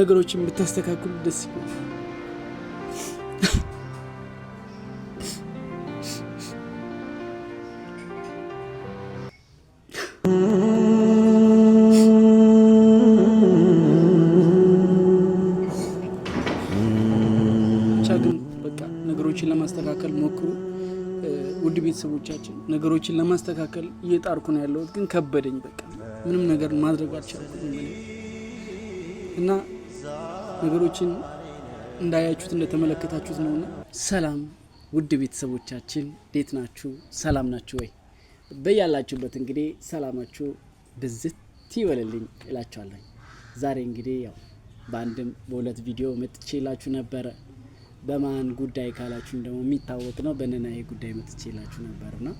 ነገሮችን ብታስተካክሉ ደስ ይላል። ለማስተካከል ሞክሩ። ውድ ቤተሰቦቻችን ነገሮችን ለማስተካከል እየጣርኩ ነው ያለሁት፣ ግን ከበደኝ። በቃ ምንም ነገር ማድረግ አልቻልኩም እና ነገሮችን እንዳያችሁት እንደተመለከታችሁት ነውና። ሰላም ውድ ቤተሰቦቻችን እንዴት ናችሁ? ሰላም ናችሁ ወይ? በያላችሁበት እንግዲህ ሰላማችሁ ብዝት ይበልልኝ እላችኋለሁ። ዛሬ እንግዲህ ያው በአንድም በሁለት ቪዲዮ መጥቼላችሁ ነበረ። በማን ጉዳይ ካላችሁ ደግሞ የሚታወቅ ነው፣ በነናዬ ጉዳይ መጥቼላችሁ ና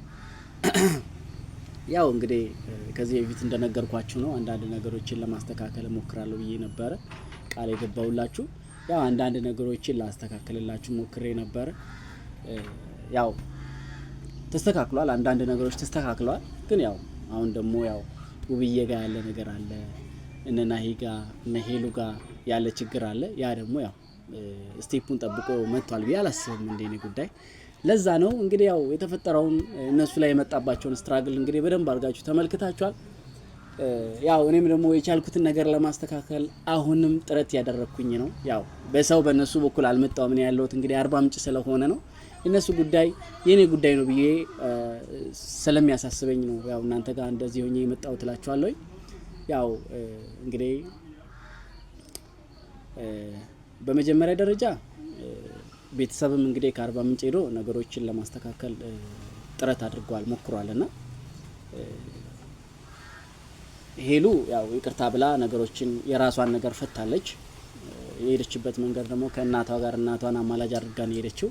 ያው እንግዲህ ከዚህ በፊት እንደነገርኳችሁ ነው አንዳንድ ነገሮችን ለማስተካከል እሞክራለሁ ብዬ ነበረ። ቃል የገባውላችሁ ያው አንዳንድ ነገሮችን ላስተካክልላችሁ ሞክሬ ነበር። ያው ተስተካክሏል፣ አንዳንድ ነገሮች ተስተካክለዋል። ግን ያው አሁን ደግሞ ያው ውብዬ ጋ ያለ ነገር አለ፣ እነ ናሂ ጋ እነ ሄሉ ያለ ችግር አለ። ያ ደግሞ ያው ስቴፑን ጠብቆ መጥቷል ብዬ አላስብም እንደኔ ጉዳይ። ለዛ ነው እንግዲህ ያው የተፈጠረውን እነሱ ላይ የመጣባቸውን ስትራግል እንግዲህ በደንብ አድርጋችሁ ተመልክታችኋል። ያው እኔም ደግሞ የቻልኩትን ነገር ለማስተካከል አሁንም ጥረት ያደረግኩኝ ነው። ያው በሰው በእነሱ በኩል አልመጣሁም። እኔ ያለሁት እንግዲህ አርባ ምንጭ ስለሆነ ነው የእነሱ ጉዳይ የእኔ ጉዳይ ነው ብዬ ስለሚያሳስበኝ ነው ያው እናንተ ጋር እንደዚህ ሆኜ የመጣው እላችኋለሁ። ያው እንግዲህ በመጀመሪያ ደረጃ ቤተሰብም እንግዲህ ከአርባ ምንጭ ሄዶ ነገሮችን ለማስተካከል ጥረት አድርጓል ሞክሯል ና ሄሉ ያው ይቅርታ ብላ ነገሮችን የራሷን ነገር ፈታለች። የሄደችበት መንገድ ደግሞ ከእናቷ ጋር እናቷን አማላጅ አድርጋ ነው የሄደችው።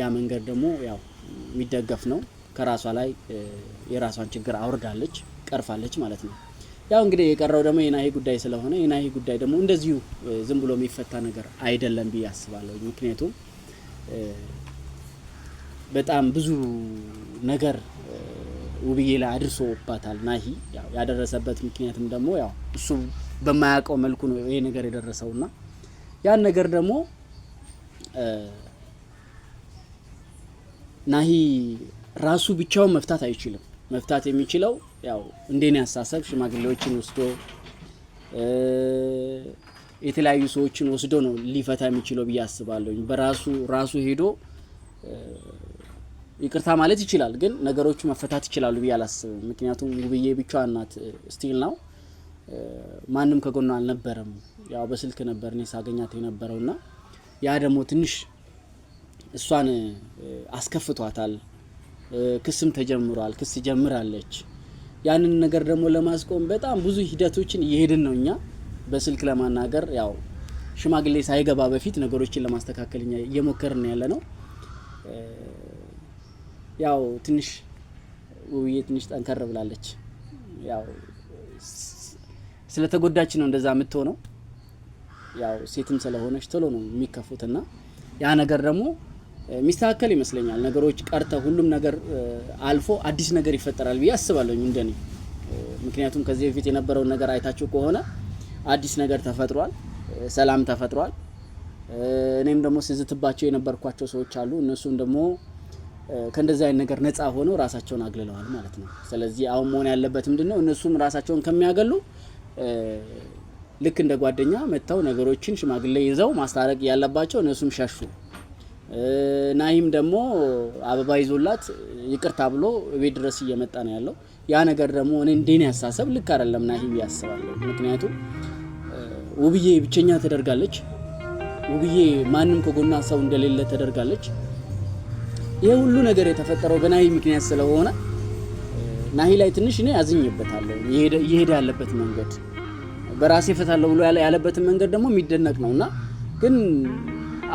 ያ መንገድ ደግሞ ያው የሚደገፍ ነው። ከራሷ ላይ የራሷን ችግር አውርዳለች፣ ቀርፋለች ማለት ነው። ያው እንግዲህ የቀረው ደግሞ የናሂ ጉዳይ ስለሆነ የናሂ ጉዳይ ደግሞ እንደዚሁ ዝም ብሎ የሚፈታ ነገር አይደለም ብዬ አስባለሁ። ምክንያቱም በጣም ብዙ ነገር ውብዬ ላይ አድርሶባታል። ናሂ ያደረሰበት ምክንያትም ደግሞ ያው እሱ በማያውቀው መልኩ ነው ይሄ ነገር የደረሰው እና ያን ነገር ደግሞ ናሂ ራሱ ብቻውን መፍታት አይችልም። መፍታት የሚችለው ያው እንደኔ አሳሰብ ሽማግሌዎችን ወስዶ የተለያዩ ሰዎችን ወስዶ ነው ሊፈታ የሚችለው ብዬ አስባለሁ። በራሱ ራሱ ሄዶ ይቅርታ ማለት ይችላል፣ ግን ነገሮቹ መፈታት ይችላሉ ብዬ አላስብም። ምክንያቱም ውብዬ ብቻዋን ናት፣ ስቲል ነው ማንም ከጎኗ አልነበረም። ያው በስልክ ነበር እኔ ሳገኛት የነበረው እና ያ ደግሞ ትንሽ እሷን አስከፍቷታል። ክስም ተጀምሯል፣ ክስ ጀምራለች። ያንን ነገር ደግሞ ለማስቆም በጣም ብዙ ሂደቶችን እየሄድን ነው እኛ በስልክ ለማናገር ያው ሽማግሌ ሳይገባ በፊት ነገሮችን ለማስተካከል እየሞከርን ያለ ነው። ያው ትንሽ ውብዬ ትንሽ ጠንከር ብላለች። ያው ስለተጎዳች ነው እንደዛ የምትሆነው። ያው ሴትም ስለሆነች ቶሎ ነው የሚከፉትና ያ ነገር ደግሞ የሚስተካከል ይመስለኛል። ነገሮች ቀርተ ሁሉም ነገር አልፎ አዲስ ነገር ይፈጠራል ብዬ አስባለሁ እንደኔ። ምክንያቱም ከዚህ በፊት የነበረውን ነገር አይታችሁ ከሆነ አዲስ ነገር ተፈጥሯል፣ ሰላም ተፈጥሯል። እኔም ደግሞ ስዝትባቸው የነበርኳቸው ሰዎች አሉ። እነሱም ደግሞ ከእንደዚህ አይነት ነገር ነጻ ሆነው ራሳቸውን አግልለዋል ማለት ነው። ስለዚህ አሁን መሆን ያለበት ምንድን ነው? እነሱም ራሳቸውን ከሚያገሉ ልክ እንደ ጓደኛ መጥተው ነገሮችን ሽማግሌ ይዘው ማስታረቅ ያለባቸው እነሱም ሸሹ። ናሂም ደግሞ አበባ ይዞላት ይቅርታ ብሎ ቤት ድረስ እየመጣ ነው ያለው። ያ ነገር ደግሞ እኔ እንዴን ያሳሰብ ልክ አይደለም ናሂም ያስባለሁ። ምክንያቱም ውብዬ ብቸኛ ተደርጋለች። ውብዬ ማንም ከጎና ሰው እንደሌለ ተደርጋለች። ይሄ ሁሉ ነገር የተፈጠረው በናሂ ምክንያት ስለሆነ ናሂ ላይ ትንሽ እኔ አዝኝበታለሁ። እየሄደ ያለበት መንገድ በራሴ እፈታለሁ ብሎ ያለበትን መንገድ ደግሞ የሚደነቅ ነው እና ግን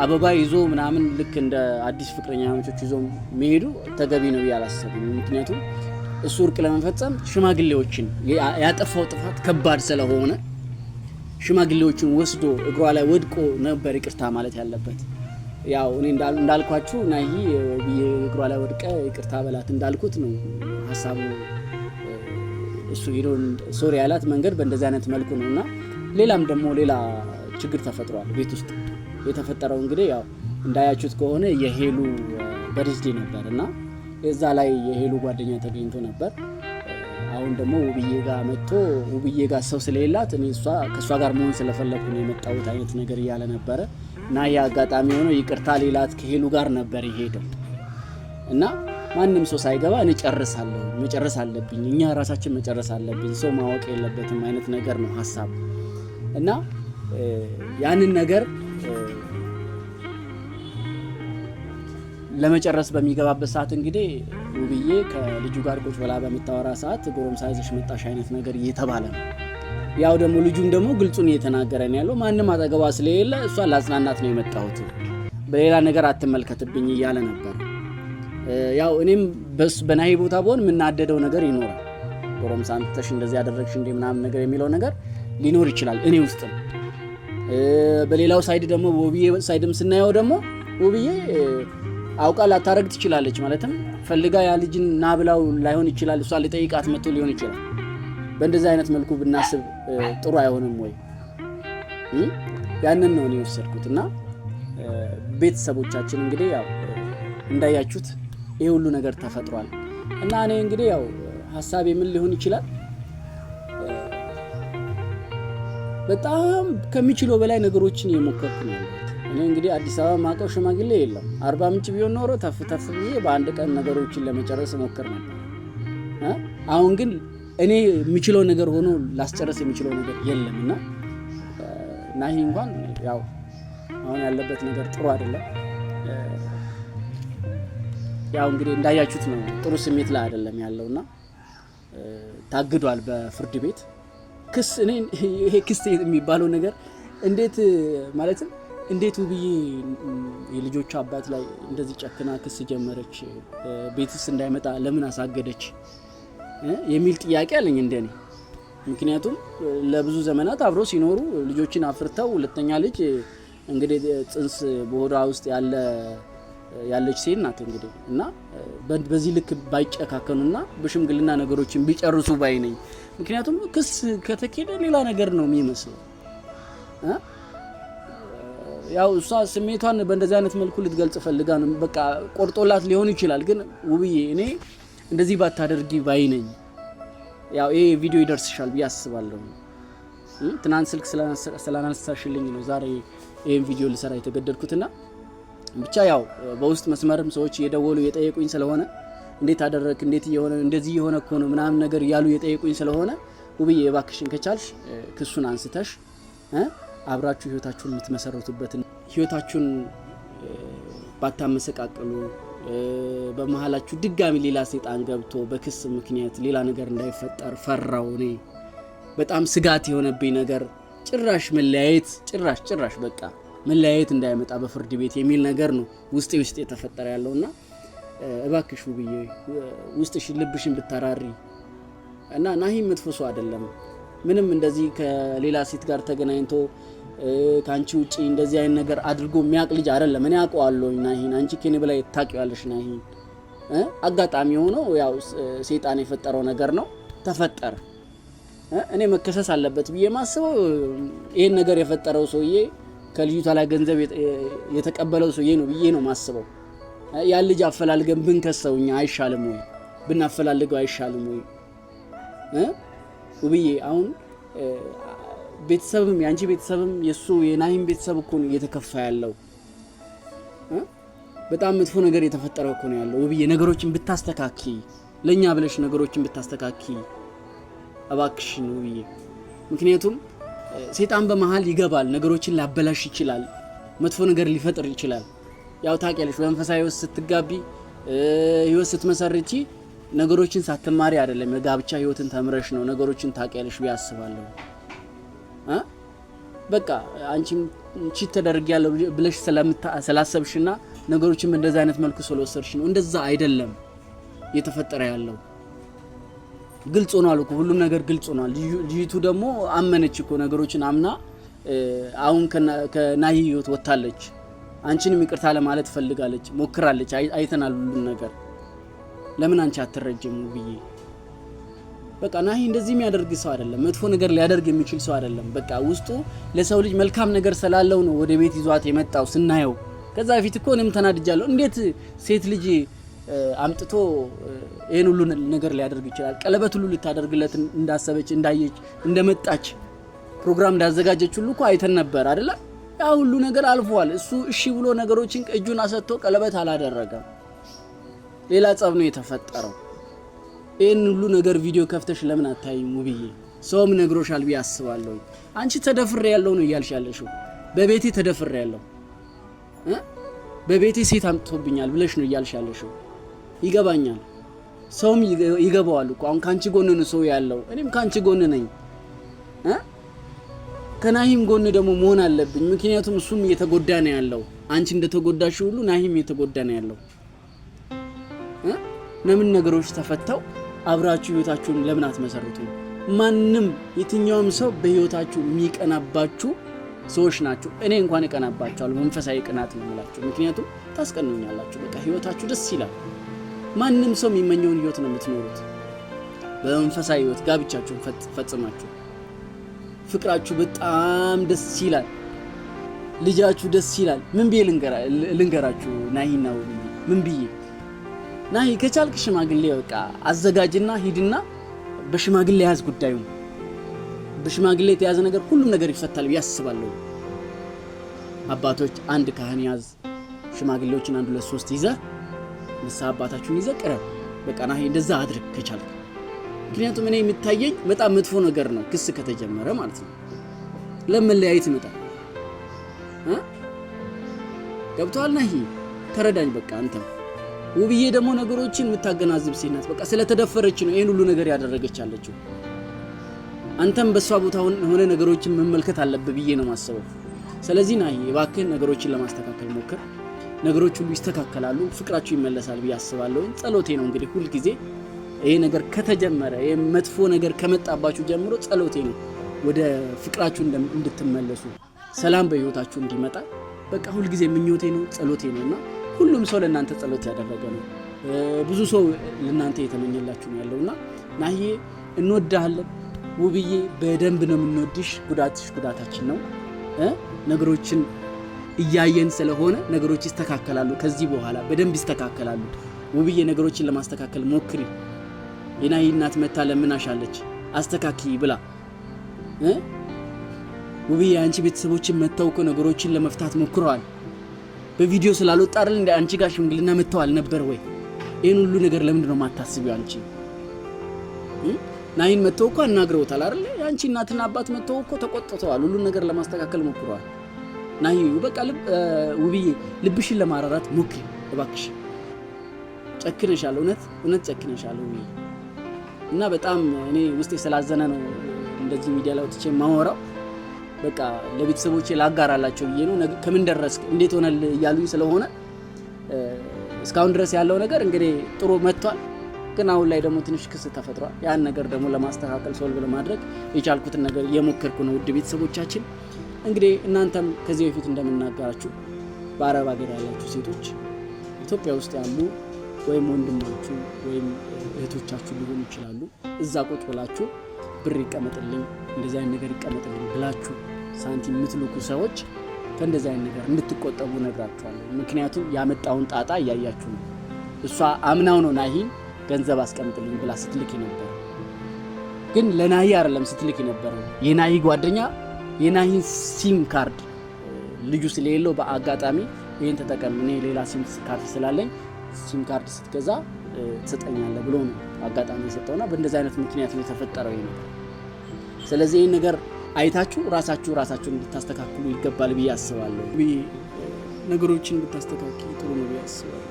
አበባ ይዞ ምናምን ልክ እንደ አዲስ ፍቅረኛ አመቾች ይዞ መሄዱ ተገቢ ነው ያላሰብም። ምክንያቱም እሱ እርቅ ለመፈጸም ሽማግሌዎችን ያጠፋው ጥፋት ከባድ ስለሆነ ሽማግሌዎችን ወስዶ እግሯ ላይ ወድቆ ነበር ይቅርታ ማለት ያለበት። ያው እኔ እንዳልኳችሁ ናሂ እግሯ ላይ ወድቀ ይቅርታ በላት እንዳልኩት ነው ሀሳቡ። እሱ ሄዶ ሶሪ ያላት መንገድ በእንደዚህ አይነት መልኩ ነው እና ሌላም ደግሞ ሌላ ችግር ተፈጥሯል ቤት ውስጥ የተፈጠረው እንግዲህ ያው እንዳያችሁት ከሆነ የሄሉ በርዝዴ ነበር እና እዛ ላይ የሄሉ ጓደኛ ተገኝቶ ነበር። አሁን ደግሞ ውብዬ ጋር መጥቶ ውብዬ ጋር ሰው ስለሌላት እኔ እሷ ከእሷ ጋር መሆን ስለፈለግኩ ነው የመጣሁት አይነት ነገር እያለ ነበረ። እና አጋጣሚ የሆነው ይቅርታ ሌላት ከሄሉ ጋር ነበር የሄደው እና ማንም ሰው ሳይገባ እኔ መጨረስ አለብኝ እኛ ራሳችን መጨረስ አለብኝ ሰው ማወቅ የለበትም አይነት ነገር ነው ሀሳብ እና ያንን ነገር ለመጨረስ በሚገባበት ሰዓት እንግዲህ ውብዬ ከልጁ ጋር ቁጭ ብላ በምታወራ ሰዓት ጎረምሳ ይዘሽ መጣሽ አይነት ነገር እየተባለ ነው ያው ደግሞ ልጁም ደግሞ ግልጹን እየተናገረ ነው ያለው። ማንም አጠገቧ ስለሌለ እሷ ላጽናናት ነው የመጣሁት፣ በሌላ ነገር አትመልከትብኝ እያለ ነበር። ያው እኔም በናሂ ቦታ በሆን የምናደደው ነገር ይኖራል። ጎረምሳ አንተሽ እንደዚህ ያደረግሽ እንደ ምናምን ነገር የሚለው ነገር ሊኖር ይችላል እኔ ውስጥም። በሌላው ሳይድ ደግሞ ውብዬ ሳይድም ስናየው ደግሞ ውብዬ አውቃ ላታረግ ትችላለች። ማለትም ፈልጋ ያ ልጅን ናብላው ላይሆን ይችላል። እሷ ልጠይቃት መጥቶ ሊሆን ይችላል በእንደዚህ አይነት መልኩ ብናስብ ጥሩ አይሆንም ወይ? ያንን ነው የወሰድኩት እና ቤተሰቦቻችን እንግዲህ ያው እንዳያችሁት ይህ ሁሉ ነገር ተፈጥሯል እና እኔ እንግዲህ ያው ሀሳብ የምን ሊሆን ይችላል በጣም ከሚችለው በላይ ነገሮችን እየሞከርኩ ነው እኔ እንግዲህ አዲስ አበባ ማውቀው ሽማግሌ የለም። አርባ ምንጭ ቢሆን ኖሮ ተፍ ተፍ ብዬ በአንድ ቀን ነገሮችን ለመጨረስ ሞክር ነበር። አሁን ግን እኔ የምችለው ነገር ሆኖ ላስጨረስ የሚችለው ነገር የለም እና ናሂ እንኳን ያው አሁን ያለበት ነገር ጥሩ አይደለም። ያው እንግዲህ እንዳያችሁት ነው፣ ጥሩ ስሜት ላይ አይደለም ያለው እና ታግዷል በፍርድ ቤት ክስ። እኔ ይሄ ክስ የሚባለው ነገር እንዴት ማለትም እንዴት ውብዬ የልጆቹ አባት ላይ እንደዚህ ጨክና ክስ ጀመረች? ቤትስ እንዳይመጣ ለምን አሳገደች? የሚል ጥያቄ አለኝ እንደኔ። ምክንያቱም ለብዙ ዘመናት አብረው ሲኖሩ ልጆችን አፍርተው ሁለተኛ ልጅ እንግዲህ ጽንስ በሆዷ ውስጥ ያለ ያለች ሴት ናት እንግዲህ እና በዚህ ልክ ባይጨካከኑና በሽምግልና ነገሮችን ቢጨርሱ ባይ ነኝ። ምክንያቱም ክስ ከተኬደ ሌላ ነገር ነው የሚመስለው። ያው እሷ ስሜቷን በእንደዚህ አይነት መልኩ ልትገልጽ ፈልጋ ነው። በቃ ቆርጦላት ሊሆን ይችላል። ግን ውብዬ እኔ እንደዚህ ባታደርጊ ባይ ነኝ። ያው ይሄ ቪዲዮ ይደርስሻል ብዬ አስባለሁ። ትናንት ስልክ ስላነሳሽልኝ ነው ዛሬ ይህን ቪዲዮ ልሰራ የተገደድኩትና ብቻ ያው በውስጥ መስመርም ሰዎች እየደወሉ የጠየቁኝ ስለሆነ እንዴት አደረግ እንዴት እየሆነ እንደዚህ የሆነ እኮ ነው ምናምን ነገር እያሉ የጠየቁኝ ስለሆነ ውብዬ የባክሽን ከቻልሽ ክሱን አንስተሽ አብራችሁ ህይወታችሁን የምትመሰረቱበትን ህይወታችሁን ባታመሰቃቅሉ በመሀላችሁ ድጋሚ ሌላ ሴጣን ገብቶ በክስ ምክንያት ሌላ ነገር እንዳይፈጠር ፈራው። እኔ በጣም ስጋት የሆነብኝ ነገር ጭራሽ መለያየት ጭራሽ ጭራሽ በቃ መለያየት እንዳይመጣ በፍርድ ቤት የሚል ነገር ነው ውስጤ ውስጥ የተፈጠረ ያለውና እባክሽ ውብዬ ውስጥሽን ልብሽን ብታራሪ እና ናሂ መጥፎ ሰው አይደለም። ምንም እንደዚህ ከሌላ ሴት ጋር ተገናኝቶ ከአንቺ ውጭ እንደዚህ አይነት ነገር አድርጎ የሚያውቅ ልጅ አይደለም። እኔ አውቀዋለሁ ናሂን፣ አንቺ ከኔ በላይ ታውቂዋለሽ ናሂን። አጋጣሚ የሆነው ያው ሴጣን የፈጠረው ነገር ነው ተፈጠረ። እኔ መከሰስ አለበት ብዬ ማስበው ይህን ነገር የፈጠረው ሰውዬ ከልጅቷ ላይ ገንዘብ የተቀበለው ሰውዬ ነው ብዬ ነው ማስበው። ያን ልጅ አፈላልገን ብንከሰው እኛ አይሻልም ወይ? ብናፈላልገው አይሻልም ወይ? ውብዬ አሁን ቤተሰብም የአንቺ ቤተሰብም የእሱ የናይም ቤተሰብ እኮ ነው እየተከፋ ያለው። በጣም መጥፎ ነገር የተፈጠረ እኮ ነው ያለው። ውብዬ ነገሮችን ብታስተካኪ፣ ለእኛ ብለሽ ነገሮችን ብታስተካኪ እባክሽን ውብዬ። ምክንያቱም ሴጣን በመሀል ይገባል፣ ነገሮችን ሊያበላሽ ይችላል፣ መጥፎ ነገር ሊፈጥር ይችላል። ያው ታውቂያለሽ በመንፈሳዊ ህይወት ስትጋቢ ህይወት ስትመሰርቺ ነገሮችን ሳትማሪ አይደለም የጋብቻ ህይወትን ተምረሽ ነው ነገሮችን ታውቂያለሽ ብዬ አስባለሁ። በቃ አንቺም ቺት ያለው ብለሽ ስላሰብሽና ነገሮችም እንደዛ አይነት መልኩ ስለወሰድሽ ነው። እንደዛ አይደለም እየተፈጠረ ያለው። ግልጽ ሆኗል እኮ ሁሉም ነገር ግልጽ ሆኗል። ልጅቱ ደግሞ አመነች እኮ ነገሮችን አምና አሁን ከናሂ ህይወት ወጥታለች። አንቺንም ይቅርታ ለማለት ፈልጋለች፣ ሞክራለች። አይተናል ሁሉም ነገር። ለምን አንቺ አትረጅም ብዬ በቃ ናሂ እንደዚህ የሚያደርግ ሰው አይደለም፣ መጥፎ ነገር ሊያደርግ የሚችል ሰው አይደለም። በቃ ውስጡ ለሰው ልጅ መልካም ነገር ስላለው ነው ወደ ቤት ይዟት የመጣው ስናየው። ከዛ በፊት እኮ እኔም ተናድጃለሁ። እንዴት ሴት ልጅ አምጥቶ ይህን ሁሉ ነገር ሊያደርግ ይችላል? ቀለበት ሁሉ ልታደርግለት እንዳሰበች እንዳየች፣ እንደመጣች ፕሮግራም እንዳዘጋጀች ሁሉ እኮ አይተን ነበር አይደለ? ያ ሁሉ ነገር አልፏል። እሱ እሺ ብሎ ነገሮችን እጁን አሰጥቶ ቀለበት አላደረገም። ሌላ ጸብ ነው የተፈጠረው። ይህን ሁሉ ነገር ቪዲዮ ከፍተሽ ለምን አታይም ውብዬ? ሰውም ነግሮሻል ብዬ አስባለሁ። አንቺ ተደፍሬ ያለው ነው እያልሽ ያለሽው። በቤቴ ተደፍሬ ያለው በቤቴ ሴት አምጥቶብኛል ብለሽ ነው እያልሽ ያለሽው። ይገባኛል፣ ሰውም ይገባዋል እኮ አሁን ከአንቺ ጎን ነው ሰው ያለው። እኔም ከአንቺ ጎን ነኝ፣ ከናሂም ጎን ደግሞ መሆን አለብኝ። ምክንያቱም እሱም እየተጎዳ ነው ያለው። አንቺ እንደተጎዳሽ ሁሉ ናሂም እየተጎዳ ነው ያለው። ለምን ነገሮች ተፈተው አብራችሁ ህይወታችሁን ለምን አትመሰርቱ? ማንም የትኛውም ሰው በህይወታችሁ የሚቀናባችሁ ሰዎች ናቸው። እኔ እንኳን እቀናባችኋለሁ። መንፈሳዊ ቅናት ነው የምላችሁ። ምክንያቱም ታስቀኑኛላችሁ። በቃ ህይወታችሁ ደስ ይላል። ማንም ሰው የሚመኘውን ህይወት ነው የምትኖሩት። በመንፈሳዊ ህይወት ጋብቻችሁን ፈጽማችሁ ፍቅራችሁ በጣም ደስ ይላል። ልጃችሁ ደስ ይላል። ምን ብዬ ልንገራችሁ? ናሂና ምን ብዬ ናይ ከቻልክ ሽማግሌ በቃ አዘጋጅና ሂድና በሽማግሌ ያዝ ጉዳዩ። በሽማግሌ የተያዘ ነገር ሁሉም ነገር ይፈታል ብዬ አስባለሁ። አባቶች አንድ ካህን ያዝ፣ ሽማግሌዎችን አንድ ሁለት ሶስት ይዘ ንስሐ አባታችሁን ይዘህ ቅረብ። በቃ ና እንደዛ አድርግ ከቻልክ። ምክንያቱም እኔ የሚታየኝ በጣም መጥፎ ነገር ነው፣ ክስ ከተጀመረ ማለት ነው። ለመለያየት ይመጣል። ገብቶሃል? ና ተረዳኝ በቃ አንተ ውብዬ ደግሞ ነገሮችን የምታገናዝብ ሴት ናት። በቃ ስለተደፈረች ነው ይህን ሁሉ ነገር ያደረገች አለችው። አንተም በእሷ ቦታ ሆነ ነገሮችን መመልከት አለብህ ብዬ ነው ማሰበው። ስለዚህ ና የባክህን ነገሮችን ለማስተካከል ሞክር። ነገሮች ሁሉ ይስተካከላሉ፣ ፍቅራችሁ ይመለሳል ብዬ አስባለሁ። ጸሎቴ ነው እንግዲህ ሁልጊዜ ይሄ ነገር ከተጀመረ መጥፎ ነገር ከመጣባችሁ ጀምሮ ጸሎቴ ነው ወደ ፍቅራችሁ እንድትመለሱ፣ ሰላም በህይወታችሁ እንዲመጣ በቃ ሁልጊዜ ምኞቴ ነው ጸሎቴ እና ሁሉም ሰው ለእናንተ ጸሎት ያደረገ ነው። ብዙ ሰው ለእናንተ የተመኘላችሁ ነው ያለው እና ናዬ እንወዳሃለን ውብዬ፣ በደንብ ነው የምንወድሽ። ጉዳትሽ ጉዳታችን ነው። ነገሮችን እያየን ስለሆነ ነገሮች ይስተካከላሉ። ከዚህ በኋላ በደንብ ይስተካከላሉ። ውብዬ፣ ነገሮችን ለማስተካከል ሞክሪ። የናይ እናት መታ ለምን አስተካኪ ብላ ውብዬ፣ አንቺ ቤተሰቦችን መታውቀው ነገሮችን ለመፍታት ሞክረዋል። በቪዲዮ ስላልወጣ አይደል እንደ አንቺ ጋር ሽምግልና መጥተው ነበር ወይ? ይህን ሁሉ ነገር ለምንድን ነው የማታስቢው አንቺ? ናይን መጥተው እኮ አናግረውታል አይደል? የአንቺ እናትና አባት መጥተው እኮ ተቆጥተዋል። ሁሉን ነገር ለማስተካከል ሞክረዋል። ናይ በቃ ውብዬ፣ ልብሽን ለማራራት ሞክሪ እባክሽ። ጨክነሻል፣ እውነት እውነት ጨክነሻል ውብዬ። እና በጣም እኔ ውስጤ ስላዘነ ነው እንደዚህ ሚዲያ ላይ ወጥቼ የማወራው። በቃ ለቤተሰቦቼ ላጋራላቸው ብዬ ነው። ከምን ደረስ እንዴት ሆነል እያሉኝ ስለሆነ እስካሁን ድረስ ያለው ነገር እንግዲህ ጥሩ መጥቷል። ግን አሁን ላይ ደግሞ ትንሽ ክስ ተፈጥሯል። ያን ነገር ደግሞ ለማስተካከል ሶልቭ ለማድረግ የቻልኩትን ነገር የሞከርኩ ነው። ውድ ቤተሰቦቻችን እንግዲህ እናንተም ከዚህ በፊት እንደምናገራችሁ በአረብ ሀገር ያላችሁ ሴቶች ኢትዮጵያ ውስጥ ያሉ ወይም ወንድማችሁ ወይም እህቶቻችሁ ሊሆኑ ይችላሉ። እዛ ቁጭ ብላችሁ ብር ይቀመጥልኝ፣ እንደዚህ አይነት ነገር ይቀመጥልኝ ብላችሁ ሳንቲም የምትልኩ ሰዎች ከእንደዚህ አይነት ነገር እንድትቆጠቡ ነግራችኋለሁ። ምክንያቱም ያመጣውን ጣጣ እያያችሁ ነው። እሷ አምናው ነው ናሂ ገንዘብ አስቀምጥልኝ ብላ ስትልክ ነበር። ግን ለናሂ አይደለም ስትልክ ነበር። የናሂ ጓደኛ የናሂን ሲም ካርድ ልጁ ስለሌለው በአጋጣሚ ይህን ተጠቀም፣ እኔ ሌላ ሲም ካርድ ስላለኝ ሲም ካርድ ስትገዛ ትሰጠኛለህ ብሎ ነው አጋጣሚ የሰጠውና በእንደዚህ አይነት ምክንያት ነው የተፈጠረው ይሄ ስለዚህ ይህን ነገር አይታችሁ ራሳችሁ ራሳችሁን እንድታስተካክሉ ይገባል ብዬ አስባለሁ። ነገሮችን ብታስተካክሉ ጥሩ ነው ብዬ አስባለሁ።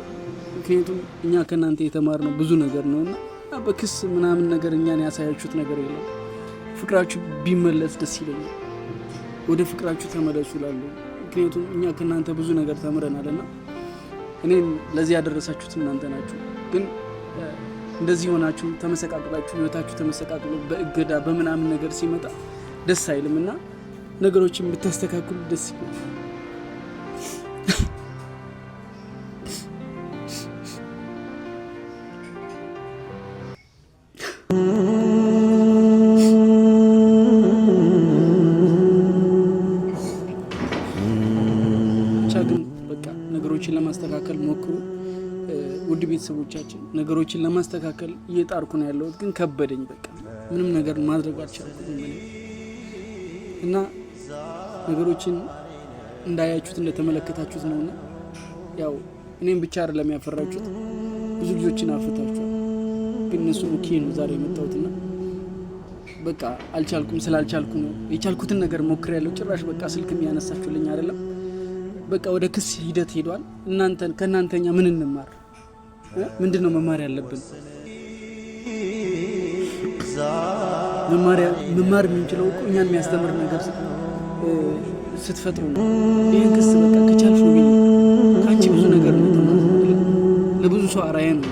ምክንያቱም እኛ ከእናንተ የተማርነው ብዙ ነገር ነው እና በክስ ምናምን ነገር እኛን ያሳያችሁት ነገር የለም። ፍቅራችሁ ቢመለስ ደስ ይለኛል። ወደ ፍቅራችሁ ተመለሱ ላሉ ምክንያቱም እኛ ከእናንተ ብዙ ነገር ተምረናል እና እኔም ለዚህ ያደረሳችሁት እናንተ ናችሁ። ግን እንደዚህ ሆናችሁ ተመሰቃቅላችሁ ህይወታችሁ ተመሰቃቅሎ በእገዳ በምናምን ነገር ሲመጣ ደስ አይልም እና ነገሮችን ብታስተካክሉ ደስ ይላል። ነገሮችን ለማስተካከል ሞክሩ። ውድ ቤተሰቦቻችን ነገሮችን ለማስተካከል እየጣርኩ ነው ያለሁት፣ ግን ከበደኝ። በቃ ምንም ነገር ማድረግ አልቻልኩም። እና ነገሮችን እንዳያችሁት እንደተመለከታችሁት ነው። እና ያው እኔም ብቻ አይደለም ያፈራችሁት፣ ብዙ ልጆችን አፍርታችኋል። ግን እነሱ ኦኬ ነው ዛሬ የመጣሁትና በቃ አልቻልኩም። ስላልቻልኩ ነው የቻልኩትን ነገር ሞክር ያለው ጭራሽ በቃ ስልክም ያነሳችሁልኝ አይደለም። በቃ ወደ ክስ ሂደት ሄዷል። እናንተን ከእናንተኛ ምን እንማር? ምንድን ነው መማር ያለብን? መማሪያ መማር የምንችለው እኛን የሚያስተምር ነገር ስትፈጥሩ ነው። ይህን ክስ በቃ ከቻልሽ ከአንቺ ብዙ ነገር ነው ለብዙ ሰው አራያ ነው።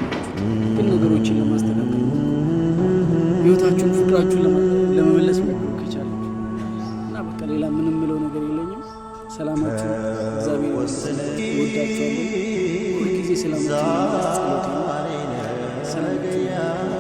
ግን ነገሮችን ለማስተካከል ህይወታችሁን፣ ፍቅራችሁን ለመመለስ ሞክሩ ከቻላችሁ እና በቃ ሌላ ምንም ምለው ነገር የለኝም። ሰላማችሁ እግዚአብሔር ወዳችኋለሁ። ሁልጊዜ ሰላማችሁ ሰላማችሁ